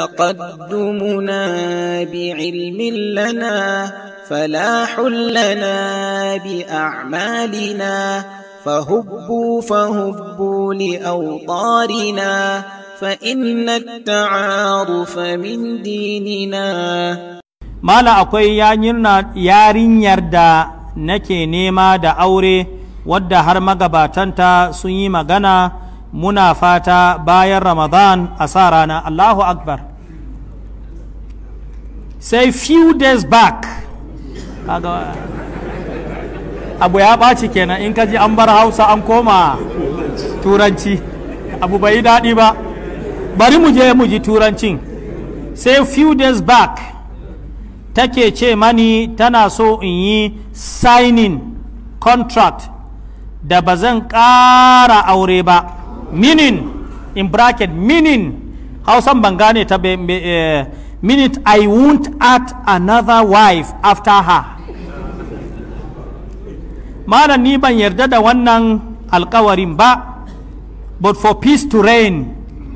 تقدمنا بعلم لنا فلاح لنا بأعمالنا فهبوا فهبوا لأوطارنا فإن التعارف من ديننا ما لا أقول يا نيرنا يا رينير دا نكي نيما دا أوري ودا هرمغا باتانتا سييما غنا منافاتا باير رمضان أسارانا الله أكبر sai few days back abu ya ɓaci kenan in kaji an bar hausa an koma turanci abu bai yi daɗi ba bari mu je mu ji turancin sai few days back take ce mani tana so in yi signing contract da ba zan ƙara aure ba meaning in bracket meaning hausan ban gane ta eh, minute I won't add another wife after her malam ni ban yarda da wannan alkawarin ba but for peace to reign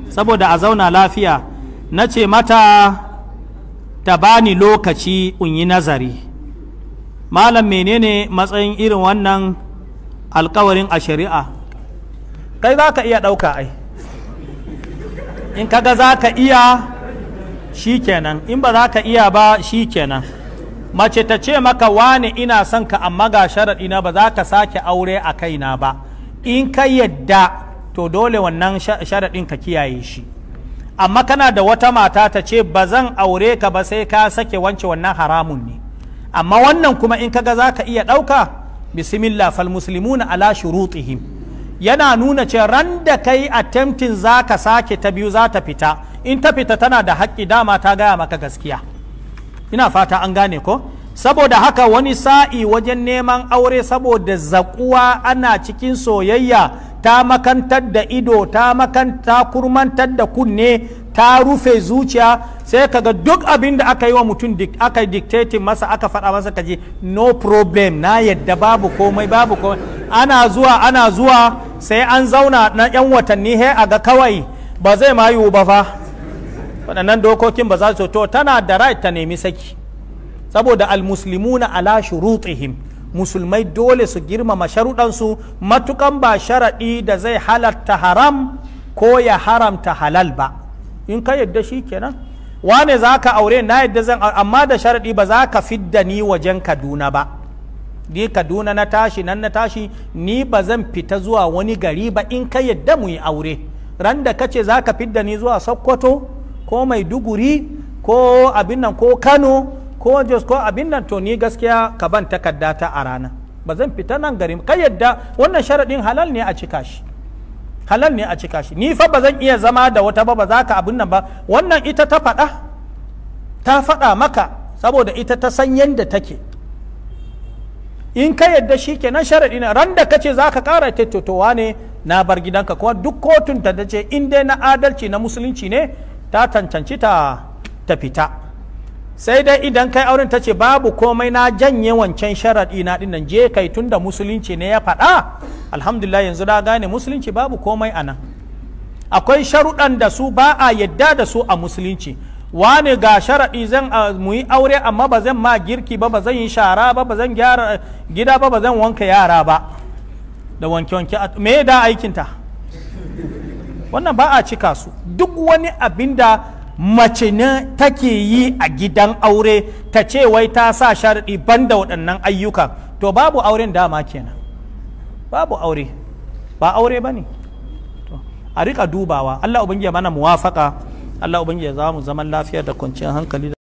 saboda a zauna lafiya na ce mata ta bani lokaci in yi nazari malam menene matsayin irin wannan alkawarin a shari'a kai za ka iya ɗauka ai in kaga za ka iya shikenan in ba za ka iya ba shikenan mace ta ce maka wane ina son ka amma ga sharaɗi na ba za ka sake aure a kaina ba in ka yadda to dole wannan sharaɗin ka kiyaye shi amma kana da wata mata ta ce ba zan aure ka ba sai ka sake wance wannan haramun ne amma wannan kuma in kaga za ka iya ɗauka bismillah fal muslimuna ala shurutihim yana nuna ce ran da kai attempting za ka sake ta biyu za ta fita in ta fita tana da haƙƙi dama ta gaya maka gaskiya ina fata an gane ko saboda haka wani sa'i wajen neman aure saboda zaƙuwa ana cikin soyayya ta makantar da ido ta makanta kurmantar da kunne ta rufe zuciya sai ka ga duk abin da aka yi wa mutum aka yi dictating masa aka faɗa masa kaji no problem na yadda babu komai babu komai ana zuwa ana zuwa sai an zauna na 'yan watanni he a ga kawai ba zai ma ba fa waɗannan dokokin ba za su to tana da right ta nemi saki saboda almuslimuna ala shurutihim musulmai dole su girmama sharuɗansu matukan ba sharaɗi da zai halatta haram ko ya haramta halal ba in ka yadda shi kenan wane za ka aure na yadda zan amma da sharaɗi ba za ka fidda ni wajen kaduna ba ni kaduna na tashi nan na tashi ni ba zan fita zuwa wani gari ba in ka yadda mu yi aure ran da kace za ka fidda ni zuwa sokoto ko maiduguri ko abin nan ko kano ko jos ko abin nan to ni gaskiya ka ban takarda ta a rana ba zan fita nan gari ka yadda wannan sharaɗin halal ne a cika shi halal ne a cika shi ni fa ba zan iya zama da wata ba ba za ka abin nan ba wannan ita ta faɗa ta faɗa maka saboda ita ta san yadda take in ka yadda shi ke nan sharaɗi ne ran da ka ce za ka ƙara tattotowa ne na bar gidanka kuma duk kotun ta ce in dai na adalci na musulunci ne ta tantanci ta fita sai dai idan kai auren ta ce babu komai na janye wancan sharaɗi na ɗin nan je kai tun da musulunci ne ya faɗa alhamdulillah yanzu na gane musulunci babu komai a nan akwai sharuɗan da su ba a yadda da su a musulunci wane ga sharaɗi zan mu yi aure amma ba zan ma girki ba ba zan yi shara ba ba zan gyara eh, gida ba ba zan wanka yara ba da wanke wanke me da aikinta wannan ba a cika su duk wani abin da mace ne take yi a gidan aure ta ce wai ta sa sharaɗi ban da waɗannan ayyukan to babu auren dama kenan babu aure ba aure ba ne a rika dubawa Allah ubangiji mana muwafaka Allah ubangiji ya za mu zaman lafiya da kwanciyar hankali